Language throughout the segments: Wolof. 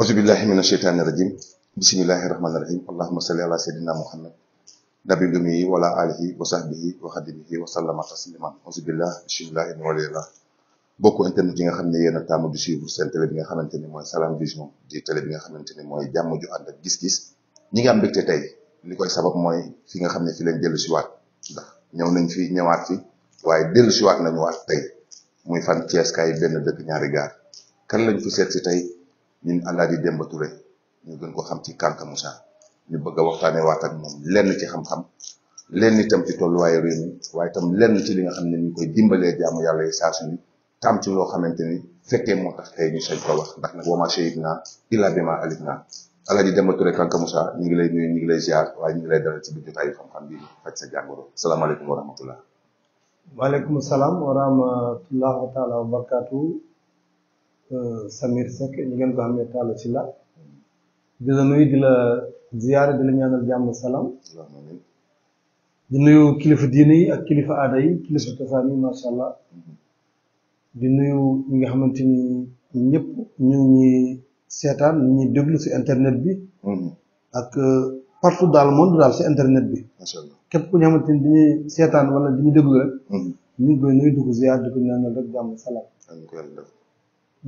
auzu billahi mina sheytaani rajim bismillahi rahmaani rahim allahuma salli ala sayyidina muhammad nabil ummi wala alihi wa sahbihi wa internet yi nga xam ne yéen a taamu di suivre seen télé bi nga xamante ni mooy Salam Vision di télé bi nga xamante ni mooy jàmm ju ànd ak gis-gis ñi nga am mbégte tey li koy sabab mooy fi nga xam ne fi leen dellu siwaat ndax ñëw nañ fi ñëwaat fi waaye dellu si siwaat nañu waat tey muy fan Thiès kaay benn dëkk ñaari gaar kan lañ fi seet si tey ñu Alaaji Demba Touré ñu gën ko xam ci Kanka Moussa ñu bëgg a waxtaanee waat ak moom lenn ci xam-xam lenn itam ci tolluwaayu réew mi waaye lenn ci li nga xam ne ñu koy dimbalee jaamu yàlla yi saa suñu tam ci loo xamante ni fekkee moo tax tey ñu sañ ko wax ndax nag wama shahid naa illaa bimaa alif naa Alaaji Demba Touré Kanka Moussa ñu ngi lay nuyu ñu ngi lay waaye ñu ngi lay dalal ci biir jotaayu xam-xam bi faj sa jàngoro salaamaaleykum wa rahmatullah waaleykum salaam wa rahmatullah wa taala wa barakaatu Samir Seck ñu ngeen ko xamee Talla ci la di la nuyu di la ziyaare di la ñaanal jàmm salaam di nuyu kilifa diine yi ak kilifa aada yi kilifa cosaan di nuyu ñi nga xamante ni ñëpp ñu ngi seetaan ñu ngi déglu si internet bi. ak euh, partout dans le monde daal si internet bi. macha allah képp ku ñu xamante ni dañuy seetaan wala dañuy déglu rek. Mm-hmm. ñu ngi ziyaar di ko ñaanal rek jàmm salaam.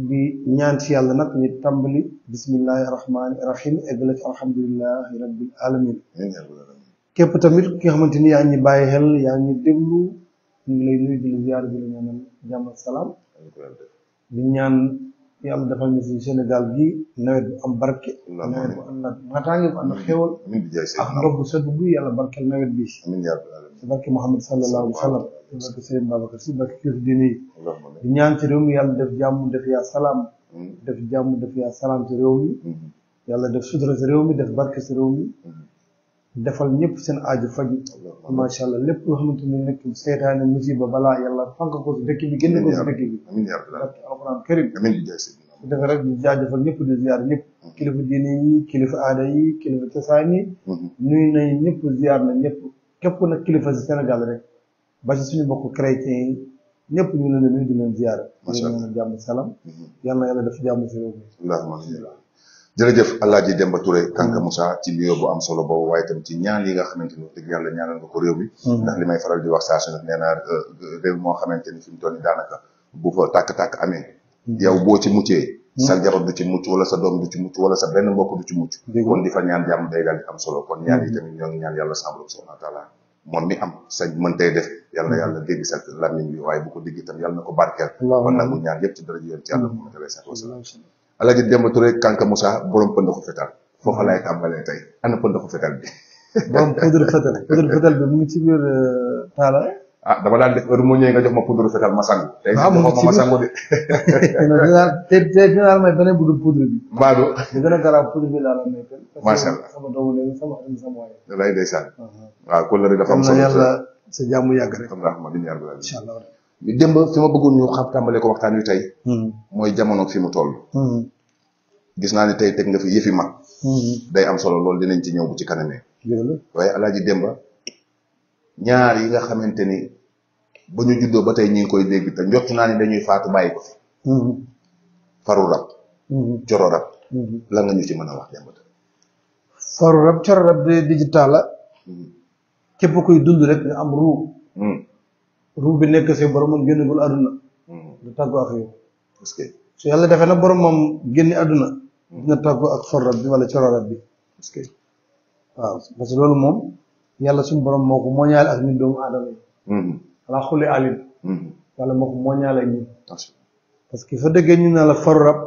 di ñaan ci yàlla nag ñu tàmbali bismillahi rahmaani rahim eggale ci alhamdulilahi rabbil képp tamit ki nga xamante ni yaa ngi bàyyi xel yaa ngi déglu ñu lay nuyu di la ziyaar bi la ñaanal jàmm ak salaam ñaan yàlla defal ñu si Sénégal gii nawet bu am barke. nawet bu ànd ak naataange bu ànd ak xéwal. ak ndox bu sedd yàlla barkeel nawet bi. amiin yaa rabbi si barke Mouhamed sallallahu alayhi wa sallam. si barke Serigne Babacar si barke yi. di ñaan ci yàlla def jàmm def yaa salaam. def jàmm def yaa salaam ci réew mi. yàlla def sutura si réew mi def barke si defal ñëpp seen aaju faju macha allah lépp loo xamante ne nekk seytaane musiba balaa yàlla fànk ko si dëkk bi génn ko si dëkk bi ak alxuraan karim dafa rek di jaajëfal ñëpp di ziar ñëpp kilifa diine yi kilifa aada yi kilifa cosaan yi mm-hmm. ñëpp ziar na ñëpp képp nag kilifa si Sénégal rek ba si suñu bokk chrétien yi ñëpp ñu leen di nuyu di leen ziar macha salam yàlla na yàlla def jàmm si réew jërëjëf Alaaji Demba Touré Kanka mm. Moussa ci nuyoo bu am solo boobu waaye tamit ci ñaan yi nga xamante ni dëgg yàlla ñaanal nga ko réew mi mm. li may faral di wax saa su nekk euh, moo xamante ni fi mu toll nii bu fa tàkk-tàkk amee mm. yow boo ci muccee sa jabar du ci mucc wala sa doom du wala sa benn mbokk du ci mucc kon di fa ñaan jàmm day daal di am solo kon ñaan yi mm-hmm. tamit ñoo ngi ñaan yàlla sa borom subhanahu wa taala moom mi am sa mën tey def yàlla na mm-hmm. yàlla dégg sa làmmiñ bi waaye bu ko dégg itam yàlla na ko barkeel kon nag mu ñaan yëpp ci dara ji yoon ci Alaaji Demba Touré Kanka Moussa borom pënd ko fetal foofa laay tàmbalee tey ana pënd ko fetal bi. borom pënd fetal fetal bi mu ngi ci biir euh, taala. Ah, dama daan def heure nga jox ma poudre fetal ma sangu. tey ah, ma dinaa may beneen budul poudre bi. Maodo li gën a garaaw poudre bi laa la may. macha allah sama doomu léegi sama am sama waay. da lay uh-huh. am solo. yàlla sa jàmm yàgg rek. alhamdulilah. démb fi ma bëggoon ñu xam tàmbalee waxtaan wi tey. Hmm. mooy jamono fi mu toll. Hmm. gis naa ne tey teg nga fi yëfi mag. Hmm. day am solo loolu dinañ ci ñëw bu ci kanamee. waaye alaaji Demba ñaar yi nga xamante ni ba ñu juddoo ba tey ñu ngi koy dégg te naa ni dañuy faatu bàyyi ko fi. faru rab. coro rab. lan nga ñu ci mën a wax Demba. faru rab coro rab de digital képp kuy dund rek nga am ruu. ruu bi nekk si borom moom génnagul àdduna hmm. du tàggoo ak yow parce que yàlla defee na borom moom génne àdduna hmm. dina tàggoo ak xorrab bi wala cororab bi que waaw parce que loolu moom yàlla suñu borom moo ko mooñaale ak ñun doomu aadama yi hmm. alaa xuli moo ko mooñaale ak ñun parce que fa dëggee la farurab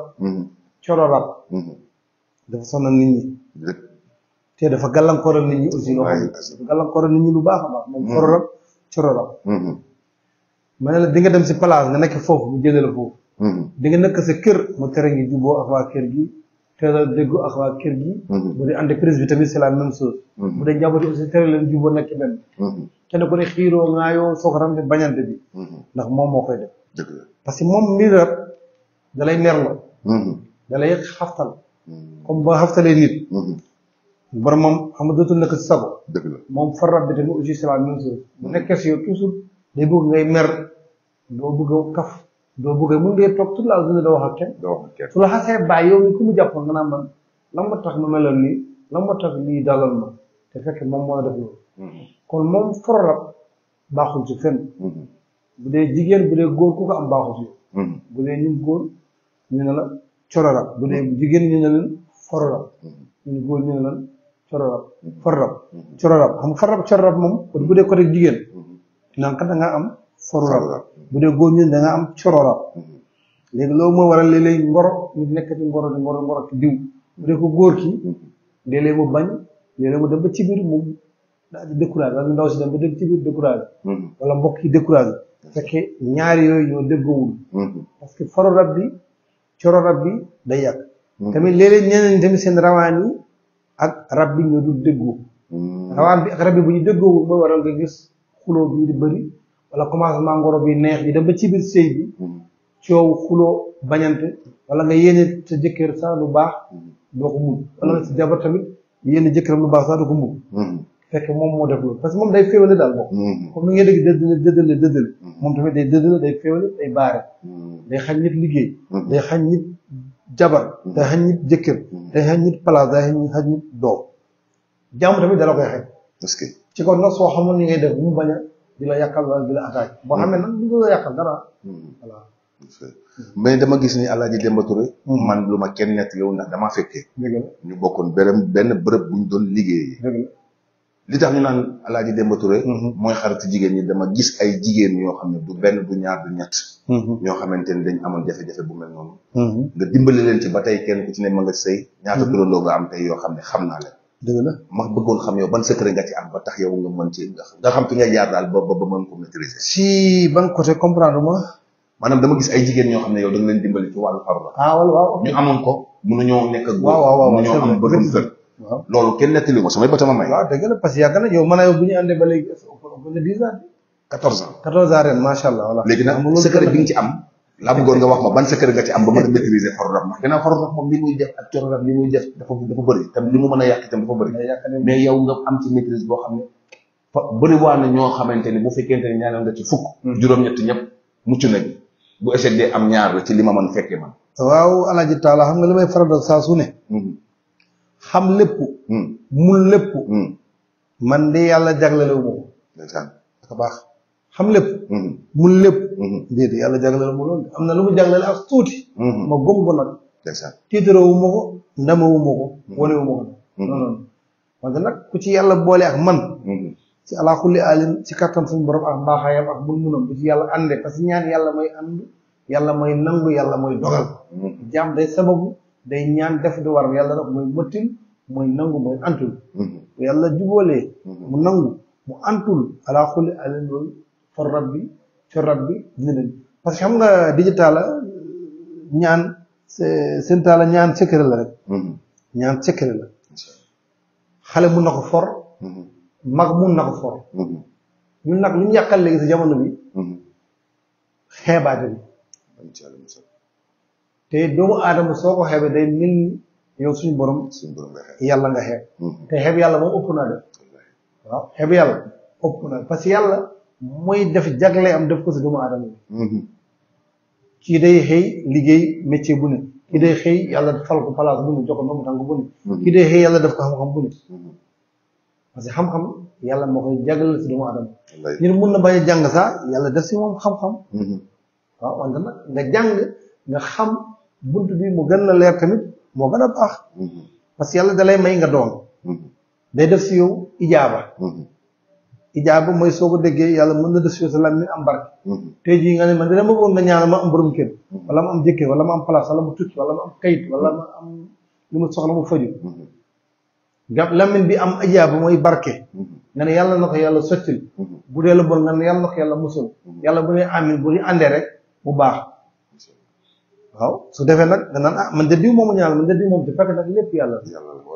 cororab dafa sonal nit ñi te dafa gàllankooral nit nit ñi lu baax a baax moom farurab cororab ma ne la di nga dem si place nga nekk foofu mu jëlee la foofu. Mm-hmm. di nga nekk sa kër mu tere ngi juboo ak waa kër gi teel a déggu ak waa kër gi. Mm-hmm. bu dee entreprise bi tamit c'est la même chose. Mm-hmm. bu dee njabooti bi. ndax moom moo koy def. parce que moom mii rab da lay nerloo. da lay xaftal. comme ba xaftalee nit. boromam xam nga dootul nekk si sago. moom fa rab bi tamit aussi c'est la même chose. bu nekkee si yow toujours. day bëgg ngay mer doo bëgg a kaf doo bëgg a mën ngay toog toute la journée doo wax ak kenn. doo wax ak kenn su la xasee bàyyi yow mi ku mu jàppoon nga naan man lan ma tax ma meloon nii la ma tax lii dalal ma te fekk moom moo def loolu. Mm-hmm. kon moom fororab baaxul ci fenn. Mm-hmm. bu dee jigéen bu dee góor ku ko am baaxul ci. Mm-hmm. bu dee ñun góor ñu ne la cororab bu dee jigéen ñu ne leen fororab ñun góor ñu ne leen cororab fororab cororab xam nga fororab cororab bu dee côté jigéen. lankat da nga am fororab bu dee góor ñun da nga am cororab léegi loolu moo waral léeg-léeg ngoro nit nekkati ngoro di ngoro ngoro diw bu dee ko góor ki léeg-léeg mu bañ léeg-léeg mu dem ba ci biir mu daal di découragé wala ndaw si dem ba dem ci biir découragé mm-hmm. wala mbokk yi découragé fekkee ñaari yooyu ñoo déggoowul mm-hmm. parce que fororab bi cororab bi day yàq mm-hmm. tamit léeg-léeg ñeneen tamit seen rawaan yi ak rab bi ñoo dul déggoo rawaan bi ak rab bi bu ñu déggoowul mooy waral nga gis xuloo bi di bëri wala commencement ngoro bi neex yi dem ba ci biir sëy bi coow xuloo bañante wala nga yéene sa jëkkër sax lu baax doo ko mun wala nga si jabar tamit yéene jëkkëram lu baax sax du moom moo def parce que moom day féewale daal bokk comme ni nga dégg dëddale dëddale dëddale moom tamit day dëddale day féewale baare day xañ nit liggéey day xañ nit jabar day xañ nit jëkkër day xañ nit place doom jàmm tamit dala koy xañ ci kon nag soo xamoon ni ngay def bu mu bañ a di la yàqal wala di la attaque boo hmm. xamee nag du la hmm. hmm. lu ma kenn nett yow ndax damaa fekkee. ñu bokkoon benn benn bërëb bu doon liggéeyee. li tax ñu naan Alaaji Demba Touré. mooy xaritu jigéen ñi dama gis ay jigéen ñoo xam ne du benn du ñaar ñett. ñoo xamante ni dañ amoon jafe-jafe bu mel noonu. nga dimbali leen ci ba tey kenn ku ci ne ma nga sëy. ñaata turandoo nga am tey yoo xam ne xam naa leen. dëgg la ma bëggoon xam yow ban secret nga ci am ba tax yow nga mën ci nga xam fi nga jaar daal ba ba mën ko maîtriser. si ban côté comprendre ma. maanaam dama gis ay jigéen ñoo xam ne yow da nga leen dimbali ci wàllu farba. ah ñu amoon ko. mënuñoo nekk ak góor loolu kenn nettali ma samay bëtama may. waaw dëgg parce que yàgg yow man a yow bu ñu àndee ba léegi 10 ans. bi nga ci am laa bëggoon nga wax ma ban secret nga ci am ba mën a maîtriser xor rab ndax gannaaw xor rab moom li muy def ak coro rab li muy def dafa dafa bëri tam li mu mën a yàq itam dafa bëri mais yow nga am boo xam ne fa bëri waa na ñoo xamante ni bu fekkente ne ñaanal nga ci fukk hmm. juróom-ñett ñëpp mucc nañ bu échec dee am ñaar la ci li ma mën fekkee man waaw alaaji taala xam nga li may faral saa su ne hmm. xam lépp hmm. mun lépp man de yàlla jaglelewu ma ko baax xam lépp. Mm-hmm. mun lépp. Mm-hmm. déedéet yàlla jagleel ma loolu am na lu mu jagleel ak tuuti. Mm-hmm. ma gom ko nag. wu ma ko ndama wu ma ko. wu ma ko. non non wante ku ci yàlla boole ak man. ci ala kulli alim ci kattan suñu borom ak mbaaxaayam ak mun munam bu ci yàlla àndee parce que ñaan yàlla mooy ànd yàlla mooy nangu yàlla mooy dogal. ñaan def du yàlla nag mooy mooy nangu yàlla juboolee. mu nangu mu antul ala kulli loolu. for rabbi fi rabbi dina leen parce que xam nga digital ñaan seen taala ñaan secret la rek. Mm-hmm. ñaan secret la. xale mun na for. Mm-hmm. mag mun na for. Mm-hmm. ñun nag lu ñu yàqal léegi si jamono bi. xeebaate bi. te doomu aadama soo ko xeebee day mel ni yow suñu borom. suñu borom nga yàlla nga xeeb. te xeeb yàlla moom ëpp naa def. waaw xeeb yàlla ëpp naa parce que yàlla. mooy def jagle am def ko si doomu aadama mm-hmm. kii day xëy liggéey métier bu ne kii day xëy yàlla fal ko place bu ne jox ko ndomu tànk bu ne mm-hmm. kii day xëy yàlla def ko xam-xam bu ne mm-hmm. parce a jàng yàlla def si moom xam-xam waaw wante nag nga jàng nga xam bunt bi mu gën a leer tamit moo gën a baax parce que yàlla may nga doon day def si yow ijaaba ijaaba mooy soo ko déggee yàlla mën na def si sa làmmiñ am barke mm-hmm. tey jii nga ne man dina ma bëggoon nga ñaanal ma am borom kër mm-hmm. wala ma am jëkkër wala ma am place wala ma am kayit wala lu ma soxla mu faju mm-hmm. gab làmmiñ bi am ijaaba mooy barke nga ne yàlla na yàlla sottil bu dee la bon nga ne yàlla na ko mu musul yàlla bu dee amin bu ñu àndee rek mu baax waaw su defee nag nga naan ah man de diw moomu ñaanal man de diw moom te fekk nag lépp yàlla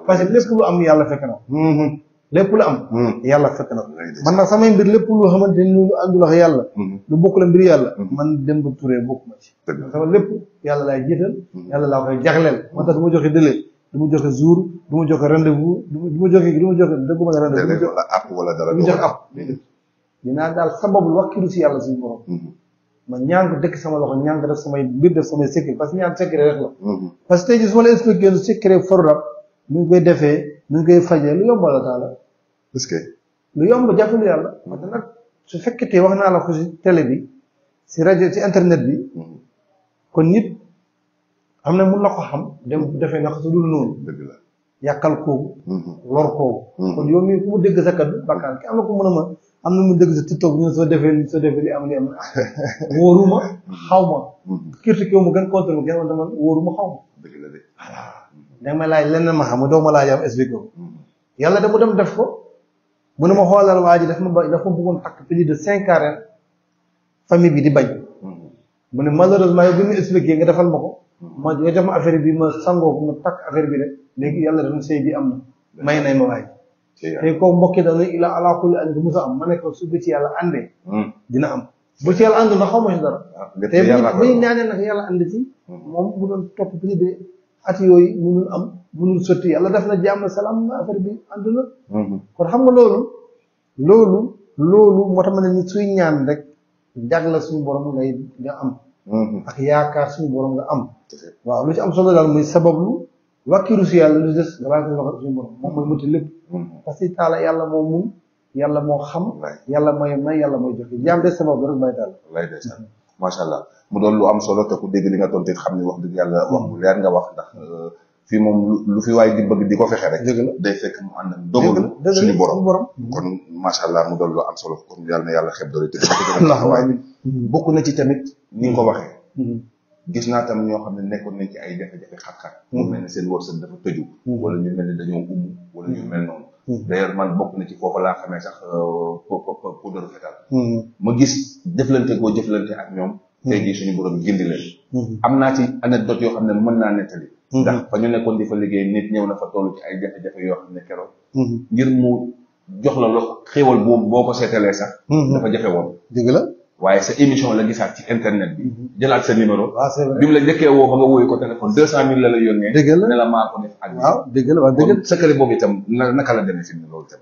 parce que lépp lu am yàlla fekk lépp lu am. Hmm. yàlla fekk na ko. man nag samay mbir lépp lu xamante ni lu àndul ak yàlla. Hmm. lu bokk la mbir yàlla. Hmm. man Demba Touré bokk ma ci. sama lépp yàlla laa jiital. yàlla laa koy jagleel. moo tax du ma joxe délai du ma joxe jour du ma joxe rendez-vous du ma joxe du ma joxe dëggu ma rendez-vous. délai wala app wala dara. du ma joxe app. dinaa daal sababu wakkilu si yàlla suñu borom. ma ñaan ko dëkk sama loxo ñaan ko def samay mbir def samay secret parce que ñaan secret rek la. parce que tey koy defee. nu ñu koy fajee lu yomb la taala parce que lu yomb jàppul yàlla moo tax nag wax naa la si rajo si internet bi mm-hmm. kon nit am na mun na xam dem defee naka su dul noonu dëgg la yàqal kooku mm-hmm. lor kooku mm-hmm. kon yow mii ku mu dégg sa kaddu bakkaan ki am na ko mën a ma am na mu dégg sa tiktok ñun soo defee soo li am li am wóoruma xaw ma kirti kiw mu gën contrôle mu man dama xaw ma danga may laaj lenn ma xam doo ma laaj am expliqué ko yàlla dama def ko mu ne ma xoolal waa ji daf ma daf ma bëggoon takk plus de cinq ans famille bi di bañ mu ne malheureusement yow bi mu expliqué nga defal ma ko ma nga jox ma bi ma sangoo ko ma takk affaire bi rek léegi yàlla bi am na may nañ ma waay tey koo mbokki dana ila ala kulli an ma ne ko su ci yàlla àndee hmm. dina am bu ci yàlla àndul na xaw ma dara ah, tey buñ ñaanee nag yàlla ànd ci hmm. moom bu doon topp plus de at yooyu mënul am mënul sotti yàlla def na jàmm salaam affaire bi ànd na. kon xam nga loolu. loolu loolu moo tax ma ne ni suy ñaan rek jagla suñu borom ngay nga am. ak yaakaar suñu borom nga am. waaw lu ci am solo daal muy sabablu wàkkiru si yàlla lu des nga bàyyi ko loxo suñu borom moom mooy mënti lépp. parce taala yàlla moo mun yàlla moo xam. yàlla mooy may yàlla mooy joxe jaam de sabab rek bàyyi taala. macha allah mu doon lu am solo te ku dégg li nga tontit xam ni wax dëgg yàlla wax bu leer nga wax ndax euh, fii moom lu fi waay di bëgg di ko fexe rek. day fekk mu ànd ak dogalu suñu borom kon macha allah mu doon lu am solo kon yàlla na yàlla xeb doole te taxawaay bokk na ci tamit ni nga ko waxee. Mm-hmm. gis naa tam ñoo nekkoon nañ ci ay jafe-jafe xat-xat. Mm-hmm. mu mel ne seen wërsëg dafa tëju. Mm-hmm. wala ñu mel ni dañoo umu wala ñu mel noonu. d'ailleurs man bokk na ci foofu laa xamee sax euh, poudre fetal hmm. ma gis jëflante koo jëflante ak ñoom hmm. tey jii suñu borom hmm. am naa ci anecdote yoo xam ne mën naa nettali ndax fa ñu nekkoon di fa liggéey nit ñëw na fa toll ci ay jafe-jafe yoo xam ne keroog ngir mu jox la loxo xéewal boobu boo ko seetalee sax dafa jafe woon dëgg waaye sa émission la gisaat ci internet bi. Mhm. jëlaat sa numéro. waaw c'est vrai bi mu la njëkkee woo ba nga wooyee ko téléphone 200000 la la la la maa ko def waaw dëgg la waaw dëgg la secret boobu itam na naka la demee fi mu ne loolu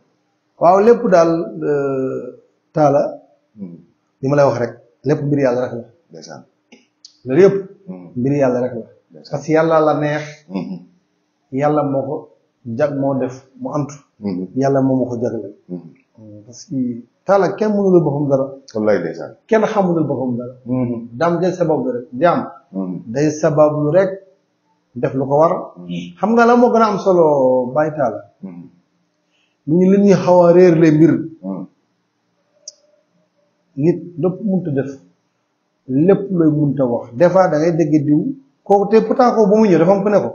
waaw lépp daal euh, taala. Hmm. li ma lay wax rek lépp mbir yàlla rek la. ndeysaan loolu yëpp. Hmm. mbir yàlla rek la. parce que yàlla la neex. Hmm. yàlla moo ko jag moo def mu antu. yàlla moo ma ko jagleel. parce taala kenn mënulul boppam dara. wallaay ndeysaan. kenn xamulul dara. Mm-hmm. daam day sabablu rek mm-hmm. rek def lu ko war. Mm-hmm. xam nga la moo gën a am solo bàyyi taala. ñu li ñuy xaw a réer les mbir. nit lépp mënut a def lépp looy mënut a wax des fois da ngay dégg diw kooku te pourtant ba mu ñëw dafa am ku ne ko.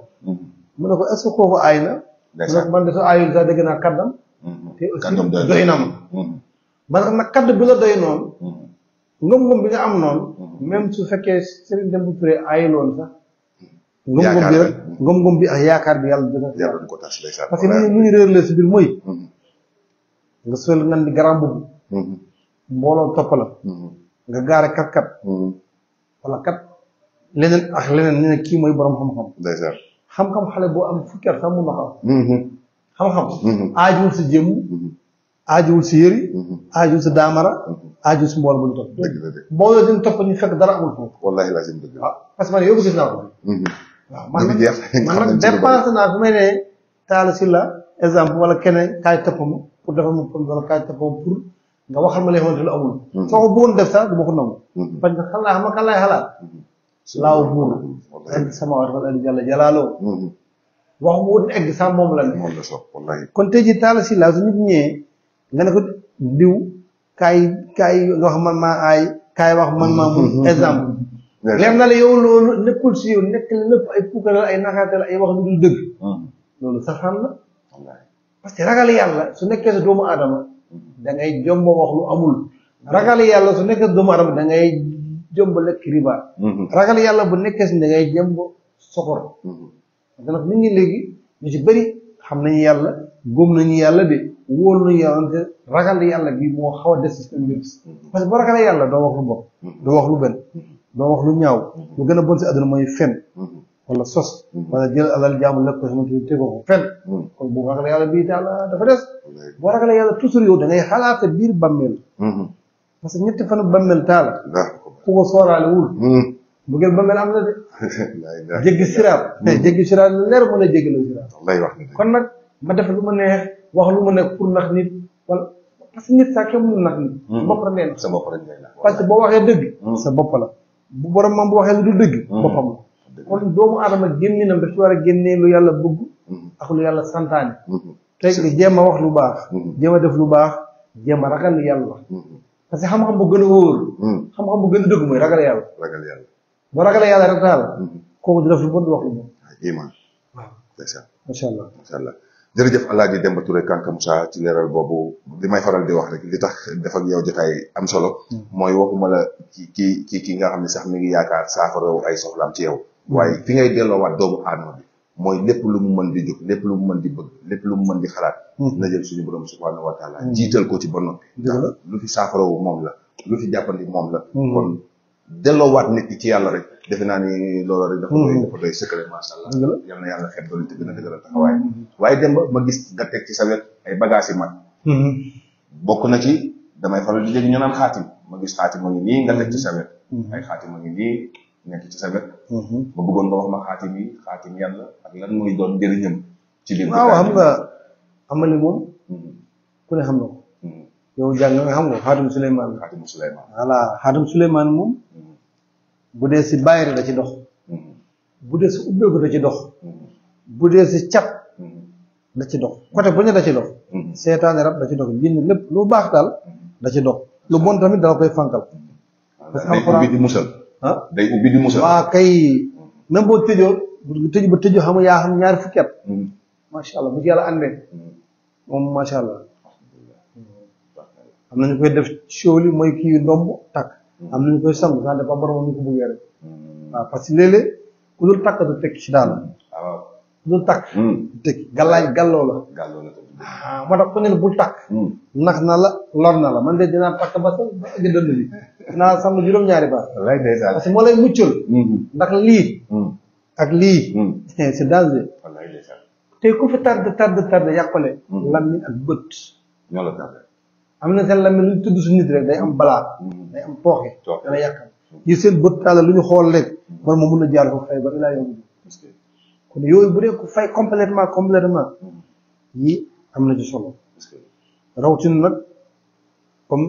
mu ne ko est kooku aay na. man dafa aayul sax dégg naa kàddam. te aussi doy na ma. ba tax nag kaddu bi la doy noonu hmm. ngëm-ngëm bi nga am noon hmm. même su fekkee Serigne Demba Touré ay loon sax ngëm-ngëm bi rek ak yaakaar bi yàlla dina yàlla du ko tas ndeysaan que mu ñu réer la si biir mooy hmm. nga sol nan di garam bubbu mbooloo topp la nga gaare kat kat wala kat leneen ak leneen ne kii mooy borom xam-xam ndeysaan xam-xam xale boo am fukki at sax mun na xam xam-xam aajul si jëmm aajuwul si yëri mhm. aajuwul si daamara mhm. aajuwul si mbool bu ñu topp mbooloo dina topp ñu fekk dara amul foofu wallaahi lazim dëgg waaw ah, man yóbbu gis naa ko mhm. waaw man man nag dépensé naa fu may ne si la exemple wala keneen kaay topp ma pour dafa ma pour wala kaay topp ma pour nga waxal ma li nga xamante ne amul soo ko bëggoon def sax du ma ko nangu parce que xalaat ma kan laay xalaat laaw buur sama war wal ali wax bu wut egg sax moom la kon tey jii taal si la su nit ñëwee nga ne ko diw kay kaay nga wax man maa aay kaay wax man maa mun mm-hmm. exemple leer na la yow loolu nekkul si yow nekk la lépp ay puukaral ay naxaatal ay wax lu dul dëgg mm-hmm. loolu safaan la parce que ragal yàlla su nekkee sa doomu da mm-hmm. ngay jomba amul ragal yàlla su nekkee sa doomu aadama da ngay lekk riba ragal yàlla bu nekkee si da ngay jomba soxor parce que nag nit léegi ñu ci bëri xam nañu yàlla góom nañu yàlla de wóolu na yàlla te ragal yàlla bi moo xaw a des ci seen mbir parce que boo ragalee yàlla doo wax lu bon doo wax lu benn doo wax lu ñaaw lu gën a bon si àdduna mooy fen wala sos wala jël alal jaamu lépp ko xamante ni tegoo ko bu ragalee yàlla bii daal des boo ragalee yàlla toujours yow da ngay xalaat biir bàmmeel parce que ñetti fan bàmmeel taal ku ko sooraale wul bu ngeen bàmmeel am na de jéggi siraat jéggi siraat leer mën a jéggi la siraat kon nag ma def lu ma neex wax lu mu nekk pour nax nit wala parce que nit sax kenn mënul nax nit. Mm-hmm. sa bopp rek nee na sa bopp rek nee na parce que boo waxee dëgg. Mm-hmm. sa bopp la bu borom mam bu waxee lu dul dëgg. Mm-hmm. boppam la. kon doomu aadama gémminam daf ci war a génnee lu yàlla bëgg ak lu yàlla santaane tey jéem a wax lu baax jéem a def lu baax jéem a ragal yàlla parce que xam-xam bu gën a wóor xam-xam bu gën a dëgg mooy ragal yàlla ragal yàlla boo ragalee yàlla rek daal kooku du def lu bon du wax lu bon waaw macha allah macha allah jërëjëf Alaaji Demba Touré Kanka Moussa ci leeral boobu li may faral di wax rek li tax def ak yow jotaay am solo. Hmm. mooy waxuma la ki ki ki ki nga xam ne sax mi ngi yaakaar saafara ay soxlaam ci yow. waaye fi ngay waat doomu aadama bi mooy lépp lu mu mën di jóg lépp lu mu mën di bëgg lépp lu mu mën di xalaat. Hmm. na jël suñu borom subhaanahu wa taala hmm. jiital ko ci ba noppi. lu fi saafara moom la lu fi jàppandi moom la. kon delloowaat nit ñi ci yàlla rek defe naa ni loola rek dafa hmm. doy dafa doy secret macha yal na yàlla xet doolu gën a ba gis nga teg ci sa ay bagages yi mag hmm. bokk na ci damay faral di dégg ñu ma gis xaatim ma nga teg ci sa wet hmm. ay xaatim ma ngi nii nekk ci sa ma bëggoon nga wax ma xaatim yi xaatim yàlla ak lan muy doon njëriñam ci biir waaw xam nga xam nga moom ku ne xam na ko yow jàng nga xam nga xaatum Souleymane. xaatum Souleymane. voilà xaatum Souleymane moom. bu dee si bàyyire da ci dox. bu dee si ubbeeku da ci dox. bu dee si cat. da dox côté bu ñu da ci dox. seetaane rab da ci dox jinn lépp lu baax daal da ci dox lu bon tamit dala koy fankal. parce que alxuraan ah? kay même boo tëjoo bu tëj tëjoo xam yaa xam ñaari fukki at. Hmm. macha allah bu ci yàlla àndee hmm. moom macha allah. am nañu koy def cioli mooy kii ndomb takk am nañu ñu ko bëggee rek hmm. waaw parce que léeg-léeg ku dul takk du tekki ci daal ah, waaw ku dul takk du hmm. tekki gàllaay gàlloo la gàlloo la ah moo tax ku ne bul takk hmm. nax na la lor na man de dinaa takk ba sa ba ëgg dënd bi dinaa sangu juróom-ñaari ba parce moo lay muccal ndax lii ak lii c'est danger te ku fi tardé tardé tardé yàqule lammiñ ak bët am na seen làmmiñ lu tudd su nit rek day am balaa day am tooxe dana yàqal ngir seen bët taala lu ñu xool rek man mun a jaar ko yi am na ci solo rawatina hmm. xam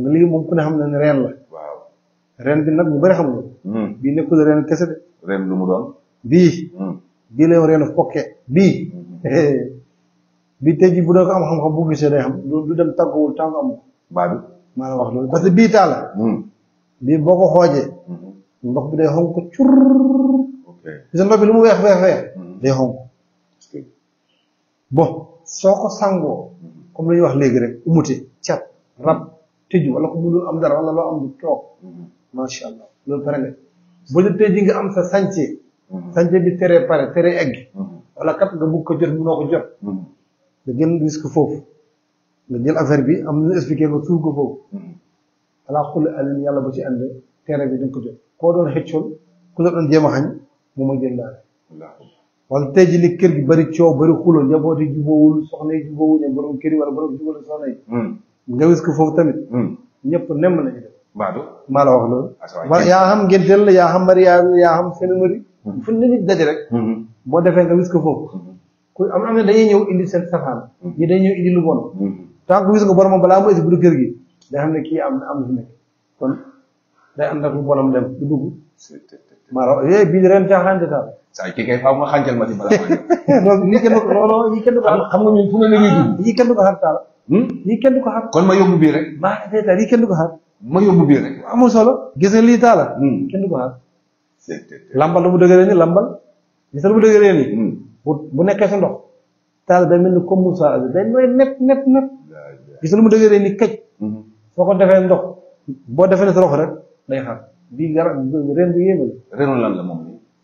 nga moom ku ne xam na ne reen la reen bi nag ñu bari xam nga hmm. bii nekkul reen kese de reen bii hmm. bii lay reenu fokke bii bii tey jii bu doon ko am xam-xam bu gisee day xam du dem tàgguwul tànk am baa bi maa la wax loolu parce que bii hmm. boo ko xoojee. Hmm. ndox bi day xonk cur. bi mu weex weex weex. Hmm. day xonk. soo ko sangoo. comme li ñuy wax léegi rek umute cat rab tëju wala ko mënul am dara wala loo am du toog. macha allah loolu pare nga bu dee tey am sa sànce. sànce bi teree pare teree egg. wala kat nga bugg ko jot mënoo ko jot. nga jël risque foofu nga jël affaire bi am lu ñu expliqué nga suuf ko foofu hmm. alaa xulli alin yàlla ba ci ànd terrain bi duñ ko jot koo doon xëccoon ku la doon jéem a xañ mu may jël daal wala tey ji kër gi bari coow bari xuloo njaboot yi soxna yi hmm. nga risque foofu tamit hmm. ñëpp nemm lañu def maa la wax loolu ah, wala yaa xam ngénteel yaa xam mariage yaa xam phénomène fu ne nit daje rek boo defee nga risque foofu am am ne dañuy ñëw indi seen safaan mm-hmm. ñi dañuy ñëw indi lu bon mm-hmm. tant que gis nga boromam balaa mu egsi bu du kër gi xam ne kii am am na kon day ànd ak lu bonam dem du dugg maanaam yooyu eh, bii ren caaxaan de taal saa kii kay ma ci balaa donc lii kenn du ko looloo yii kenn du ko xam hmm? kenn du ko xar kon ma yóbbu bii rek maa ngi taal yii kenn du ko xar ma yóbbu bii amul solo gis hmm. lambal lu mu dëgëree ni lambal gis nga lu bu dëgëree ni hmm. bu bu nekkee sa ndox taal day mel ni comme Moussa Azou day nooy net ni këj. soo ko defee ndox boo defee ne sa ndox rek day xaar bii garab ren bi yéeme la.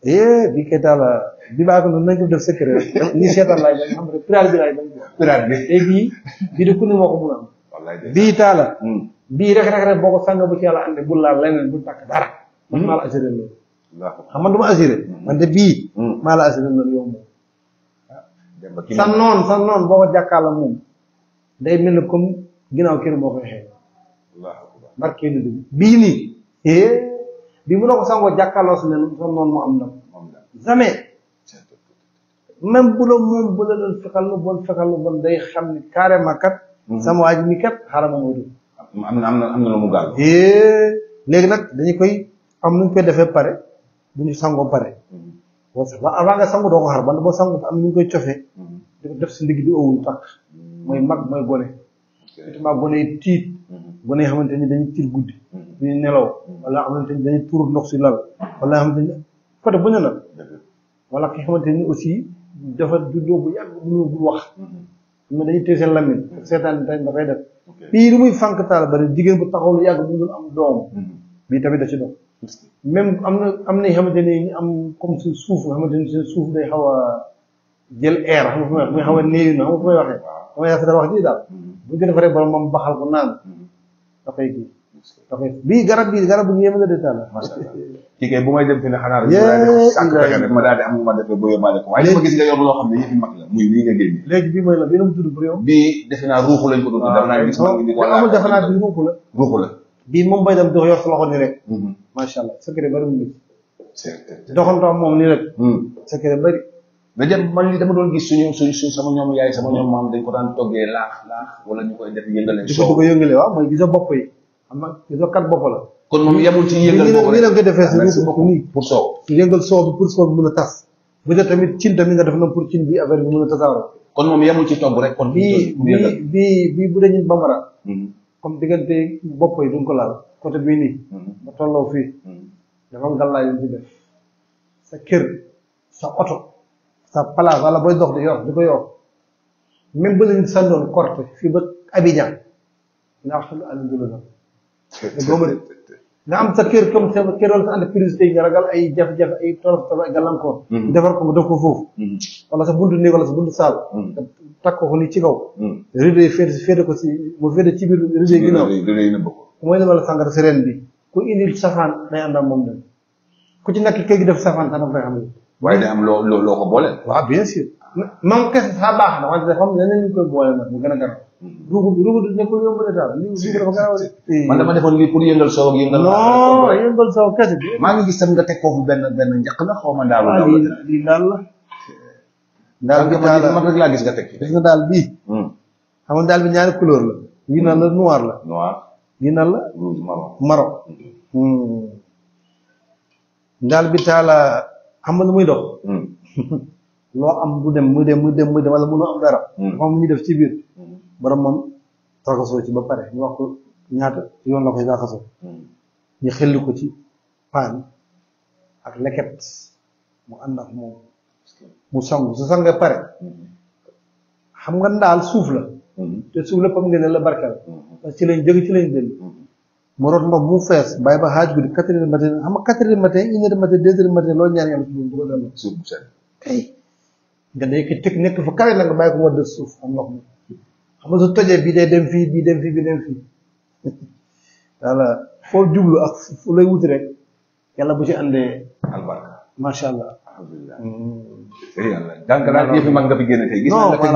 Eh, na nañ ko def secret ni seetaan laay bi bi eh, bii bii de ku moo ko mun a am. wallaay de bii taala hmm. bii rek rek rek boo ko sànga bu ci yàlla ande bu laal leneen bu tàkk dara. Hmm. maa la assuré loolu. xam man du ma assuré. Hmm. man de bii. maa la assuré loolu yow moom. sa noon sa noon boo ko jàkkaarla moom day mel ni comme ginnaaw kër boo koy xeeñ barke ni dugg bii nii bii bu na ko sangoo jàkkaarloo si sa noon mu am ndam jamais même bu la moom bu la doon lu bon fexal lu bon day xam ni carrément kat mhm. sama waaj mi kat xaaral ma léegi nag dañu koy am nu ñu koy defee pare bu ñu sangoo pare mhm. waaw avant nga sangu doo ko xar bala boo sangu am ñu koy cofee. Mm-hmm. def si ndigg di owul takk. Mm-hmm. mooy mag mooy gone. effectivement mm-hmm. gone yi xamante ni dañuy tiit guddi. dañuy wala xamante ni dañuy tuur ndox si lal. wala xamante ni côté bu ñu la. bu yàgg bu wax. mais dañuy téye seen lamin. seetaan dañ dafay def. bii lu muy fànq taal ba jigéen bu taxaw lu yàgg bu ñu am doom. bii tamit da ci dox. même am na am na yoo ne am comme si suuf nga xamante suuf day xaw a jël air xam nga fu may muy xaw a néew na xam nga fu may waxee. waaw xam nga wax ji daal. Mm-hmm. bu ñu ko defaree borom mm-hmm. garab bii garab bu ñu yem nga détaillé. macha allah may dem fii ne xanaa. rek ma daal di am ma defee ba yóbbaale ko loo xam ne yëfi mag la muy lii mooy la bii la mu tudd pour yow. bii defe naa ruuxu lañ ko tudd. Ah, waaw waaw waaw amul defe naa bii ruuxu la. ruuxu la bii moom bay dem dox yor sa loxo ni rek mm-hmm. macha allah secret bari mu ngi. doxantu am moom nii rek. Hmm. secret bari. mais dem man li dama doon gis suñu suñ suñ sama ñoom yaay sama ñoom maam dañ ko daan toggee laax laax wala ñu koy def yëngale. soo ko ko yëngalee waaw mooy bopp yi xam kat bopp la. kon yemul ci yëngal bopp rek nga defee si ah, bopp nii pour soow yëngal soow bi pour soow bi mën a tas bu dee tamit cin tamit nga def na pour cin bi affaire bi mën a tasaaroo kon moom yemul ci togg rek kon bii bii bii bu dee ñun bambara hmm. comme diggante bopp yi duñ ko laal côté bii nii. ba hmm. tolloo fii. Hmm. dafa am gàllaay yu sa kër sa oto sa place wala booy dox di yor di ko yor même ba sandoon corte fii ba Abidjan naa wax lu alal dula am sa kër comme sa kër wala sa entreprise tey nga ay jafe-jafe ay tolof tolof ay gàllankoor. Hmm. defar ko nga def ko foofu. wala sa buntu néeg wala sa buntu saal. takk ko ni ci kaw. Mm. rideau yi féete féete ko si mu féete ci biir rideau yi ginnaaw mooy li ma la si ren bi ku indil safaan day ànd ak moom dem ku ci nekk kër gi def safaan sax da nga koy am loo loo loo ko boole. waaw bien sûr. man kese na wante dafa am leneen ñu boole nag mu a gaaw. dugub mm. bi dugub bi nekkul na a. defoon lii pour yëngal soow ak yëngal. non yëngal kese bi. maa ngi gis tam nga teg foofu benn benn njaq la xaw ma daal la. la. daal bi man bii hmm. xam nga daal bi ñaari couleur la yi nan la noir la noir yi la marron hmm. daal bi taala xam nga muy dox hmm. loo am bu dem muy dem muy dem muy dem wala mënoo am dara moom ñu def ci biir borom moom raxasoo ci ba pare ñu wax ko ñaata yoon la koy raxasoo ñu xelli ko ci paan ak leket mu ànd ak moom mu sangu su sangee pare xam nga ndaal suuf la mm-hmm. te suuf la pam ngeen la barkeel mm-hmm. parce que ci lañ jóge mu root mm-hmm. ndox mu fees bàyyi ba xaaj guddi quatre heures matin xam nga quatre heures matin une heure matin deux heures suuf bu ko delloo suuf bu set kay nga nekk teg nekk fa kawe la nga bàyyi suuf am ndox mi su tojee bii day dem fii bii dem fii bii foo jublu ak fu lay rek yàlla bu ci àndee albarka macha allah yàlla donc daal yëfi mag nga fi génn tey. gis nga teg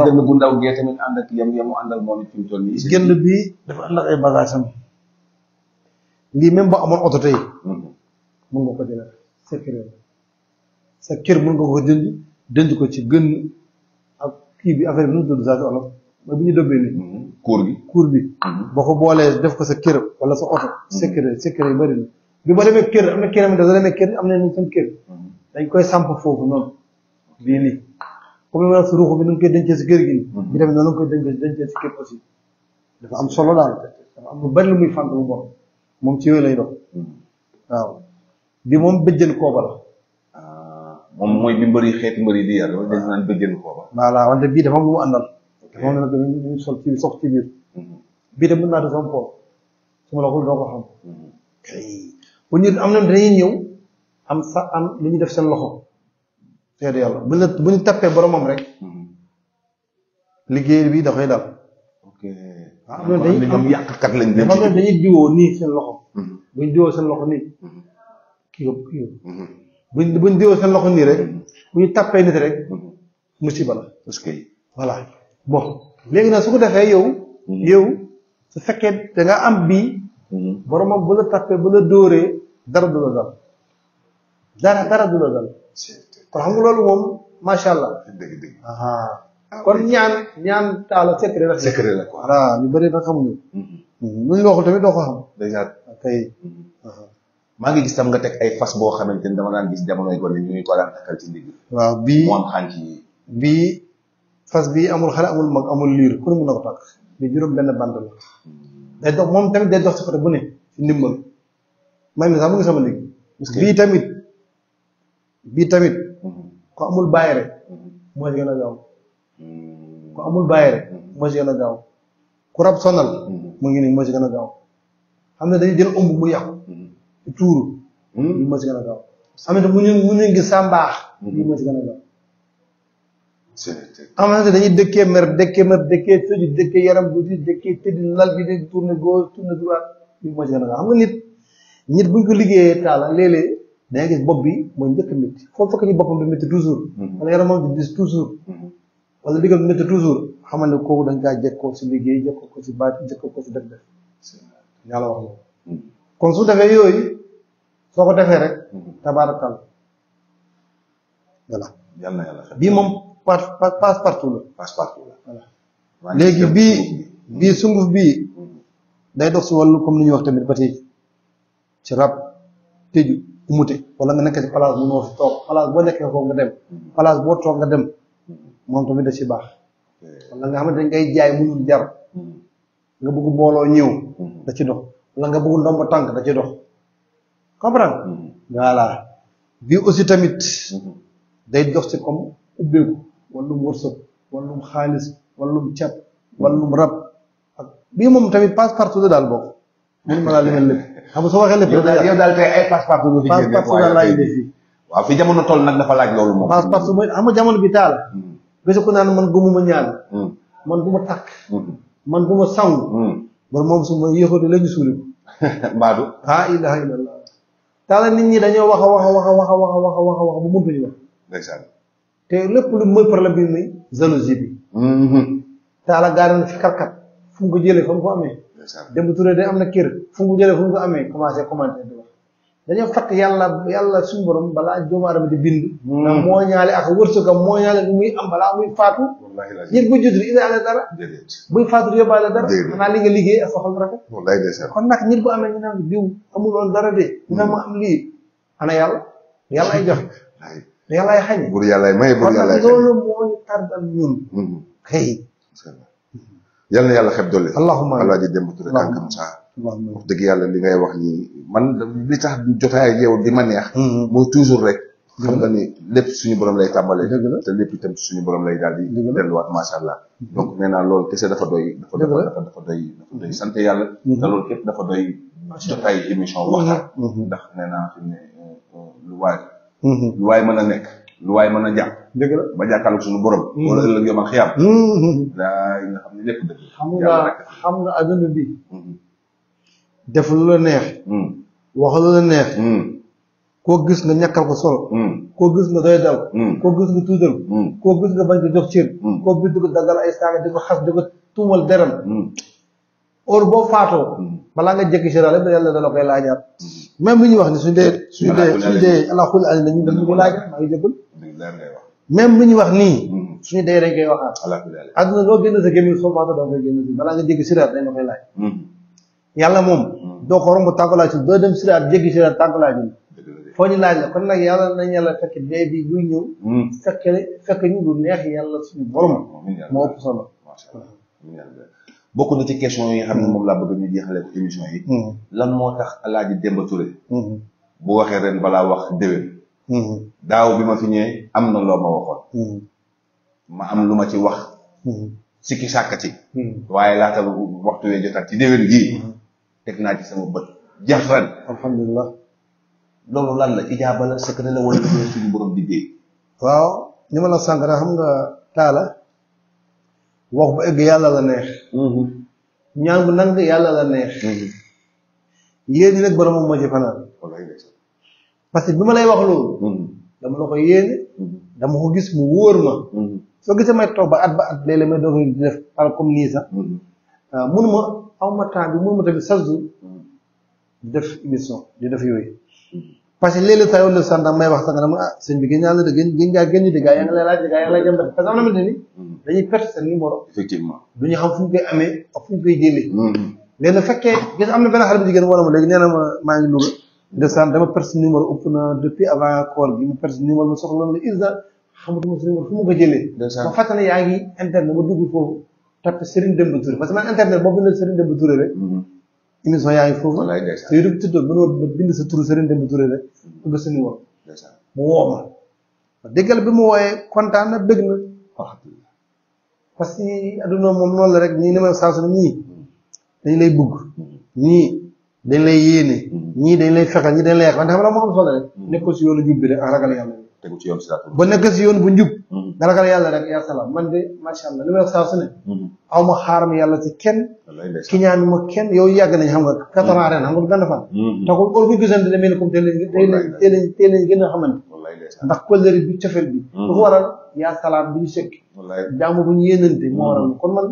dënn fi génn bi dafa ànd ak ay bagages am lii même amoon oto tey. mun nga ko jëlee sa kër kër mun nga ko jënd denc ko ci gën ak kii bi affaire bi nu mu tudd saa si olof mooy bu ñu nii. Hmm. kuur bi kuur hmm. bi. boo ko boolee def ko sa kër wala sa oto. Hmm. sa kër sa kër bi boo demee kër am na kër am na demee kër am na seen kër. dañ koy samp foofu noonu. bii lii comme ma wax si ruux bi nu ngi koy dencee si kër gi nii. Mm-hmm. bi tamit noonu la koy dencee si kër aussi dafa am solo laal am lu bari lu muy fànn bu baax moom ci yooyu lay mm-hmm. bi moom bëjjën kooba la. Ah, moom mooy bi mbëri xeeti mbëri di yar loolu dañu naan bëjjën kooba. voilà wante bii dafa am lu mu àndal. dafa am lu mu àndal sol ci sox ci biir. Mm-hmm. bii tamit mën naa def sama pool su ma la ko doo ko xam. bu am na dañuy ñëw am sa am li ñu def seen loxo. seede yàlla bu la bu ñu tappee boromam rek mhm. liggéey bi da dal. Ah, na yàqkat lañ leen ci dañuy nii seen loxo. Mhm. bu ñu seen loxo nii. Mhm. bu ñu seen loxo nii rek bu ñu tappee nit rek la. parce que voilà bon nag su ko defee yow. yow su fekkee da am bii. boromam bu la tappee bu la dóoree dara du la dal. dara dara du la dal. kon xam nga loolu moom macha allah. dëgg dëgg ah, kon ñaan ñaan taala la. secret la quoi voilà ñu bëri nag xamuñu. Mm-hmm. Mm-hmm. luñ la waxul tamit doo ko xam. Mm-hmm. maa ngi gis tam nga teg ay fas boo xamante ni dama daan gis jamonoy gone ñu ngi ko daan bii amul xale amul mag amul liir ku mun na ko takk bii juróom benn bant la. day dox moom tamit day dox ci côté bu ne ci ndimbal. may mi sax mu tamit bii tamit. ku amul bàyyi rek mm-hmm. moo si gën a gaaw mm-hmm. ku amul bàyyi rek mm-hmm. moo si gën a gaaw ku rab sonal mu ngi nii moo si gën a gaaw xam ne dañuy jël ëmb mu yàqu tuuru lii moo si gën gaaw xam ne mu ñu mu ñu gis sa mbaax lii a gaaw mer dëkkee mer dëkkee tëju dëkkee yaram guddi dëkkee tëddi lal bi di tourné gauche tourné droite lii moo ci gën gaaw xam nit nit buñ ko liggéeyee taala léeg da ngay gis bopp bi mooy njëkk métti foofu fekk ñu boppam di métti toujours. Mhm. wala yaramam di dis toujours. Mhm. wala diggam métti toujours xamal ne kooku da nga kaa jekkoo si liggéey jekkoo ko si baat jekkoo ko si def def yàlla mhm. su defee yooyu soo ko defee rek. tabaarakal voilà. moom par passe partout la. passe partout la léegi bii bii sunguf bii. day dox si wàllu comme ni ñuy wax tamit ba tey ci rab tëju. umute wala nga nekk ci place bu noo fi toog place boo nekkee foofu nga dem place boo toog nga dem moom tamit da ci baax wala nga xamante ne ngay jaay mënul jar nga bëgg ñëw da ci dox wala nga bëgg ndomb tànk da ci dox comprendre voilà bii aussi tamit day dox ci comme ubbeeku wàllum wërsëg wàllum xaalis wàllum cat wàllum rab ak bii moom tamit passe partout daal bokk mun ma laa defal lépp xam nga soo waxee lépp. yow daal tey ay passe-passe jamono toll nag dafa laaj loolu moom. passe-passe mooy jamono bi taal. Hmm. ko naan man gëmuma ñaan. Hmm. man ma takk. Hmm. man man moom su ma yéexatu la ñu suuli ko. Baadu. nit ñi dañoo wax a a wax a wax muy jalousie bi. taala gaa doon fi karkat fu mu ko jëlee fa amee. Demba Touré de am na kër fu mu jëlee fu mu ko a commencé commenté di wax dañoo fàtt yàlla yàlla suñu borom balaa doomu aadama di bind. Hmm. na moo ñaale ak wërsëgam moo ñaale lu muy am balaa muy faatu. nit bu judd indaale dara. buy faatu yóbbaale dara. xanaa li nga a ak soxal rafet. kon nag nit bu amee ñu naan diw dara de. ñu hmm. ne ma am lii ana yàlla yàlla ay joxe. yàlla ay xañe. bur yàlla ay may bur yàlla ay xañe kon nag loolu moo ñu tardal ñun. xëy. Hmm. yal na yàlla xeb dolli. allahumma alaaji Demba Touré Kankan Sarr. wax dëgg yàlla li ngay wax nii man li tax jotaay ak yow di ma neex. Mm-hmm. mooy toujours rek. Mm-hmm. xam nga ni lépp suñu borom lay tàmbalee. te lépp itam suñu borom lay daal di. delluwaat macha allah. Mm-hmm. donc nee naa loolu kese dafa doy. dafa dafa sant yàlla. te loolu képp dafa doy. jotaay émission waxtaan. ndax nee naa ne euh, euh, lu waay. lu waay mën a nekk. lu waaye mën a jàpp. dëgg la ba jàkkaarloog suñu borom. Hmm. wala ëllëg yomal xiyaam. daa nga a ne lépp dëgg. xam nga xam bi. Hmm. def neex. Hmm. wax lu neex. koo gis nga ñàkkal ko solo. koo gis nga doy dal. koo gis nga tuutal. koo gis nga bañ ko jox cër. koo gis nga daggal ay saaga di ko xas di ko tuumal deram. boo faatoo. balaa nga jékki si daal yàlla dala koy laajaat. même ñuy wax ni même lu ñu wax nii. Hmm. suñu dee rek ngay waxaat. alhamdulilah adduna loo génn sa gémmiñ soo baax a doon koy génn balaa nga jéggi siraat dañ koy laaj. Hmm. yàlla moom. Hmm. doo ko romb tàggalaay ci doo dem siraat jéggi siraat tàggalaay foo ñu laaj la kon nag yàlla nañ yàlla fekk bi buy ñëw. fekk fekk ñu lu yàlla suñu borom. moo ëpp solo. bokk na ci question yi nga xam ne moom laa bëgg ñu jeexalee ko émission yi. lan moo tax Alaaji Demba Touré. waxee ren balaa wax déwén. daaw bi ma fi ñëwee am na loo ma waxoon. Hmm. ma am lu ma ci wax. Hmm. sikki sàkkati. Hmm. waaye laata waxtu wee jotaat ci déwén gii. teg naa ci sama bët jafran. alhamdulilah. loolu lan la ijaaba la secret la wala suñu di dee. waaw ni ma la sànq xam nga taala wax bu egg yàlla la neex. ñaan bu nang yàlla la neex. yéen ñi nag boromam moo ci fanaan. parce bi ma lay wax loolu. dama la ko yéene mhm. dama ko gis mu wóor ma mhm. soo gisee may toog ba at ba at léeg-léeg may doog di def mhm. ah, ma aw ma bi mënu ma tamit chaque jour di def def yooyu parce que léeg-léeg sax yow la sant may wax sax nga ne ma ah sëñ bi gën naa la de ñu de gaa yaa ngi de gaa yaa ngi lay parce que am na mel ni dañuy perte seen numéro effectivement duñu xam fu ñu koy amee fu ñu koy jëlee léegi fekkee gis am na benn xale bu jigéen wala ma léegi nee na maa ngi Louga ndeysaan dama perte numéro ëpp na depuis avant koor bi ma perte numéro ma soxla ma ne ISRA xamatuma sa numéro mu ko jëlee. foofu tapé Serigne Demba Touré parce que man internet boo bindee Serigne Demba Touré rek. Mm-hmm. émission yaa ngi foofu. wallaay ndeysaan mu woo ma. dëggal bi mu wooyee kontaan na bëgg na. alhamdulilah parce que adduna moom noonu la rek ñii ni ma saa su ñii dañu lay bugg mm-hmm. ñii. dañ lay yéene. Mm-hmm. ñii dañ lay fexal ñii dañ lay yàq wante xam la moo xam solo rek. Mm-hmm. nekkul si yoonu jub bi rek ragal yàlla. tegu ci yoon si ba nekk si yoon bu njub. Mm-hmm. nga ragal yàlla rek yaa salaam man de macha allah li may ma xaaram yàlla ci kenn. ki ñaanu ma kenn yow yàgg nañ xam nga. quatre ans ren xam nga gànn fan. ko bu ñu gisante demee ni comme teel nañ a xamante. ndax bi lu ko waral yaa ñu sekk. jaamu bu ñu yéenante moo waral kon man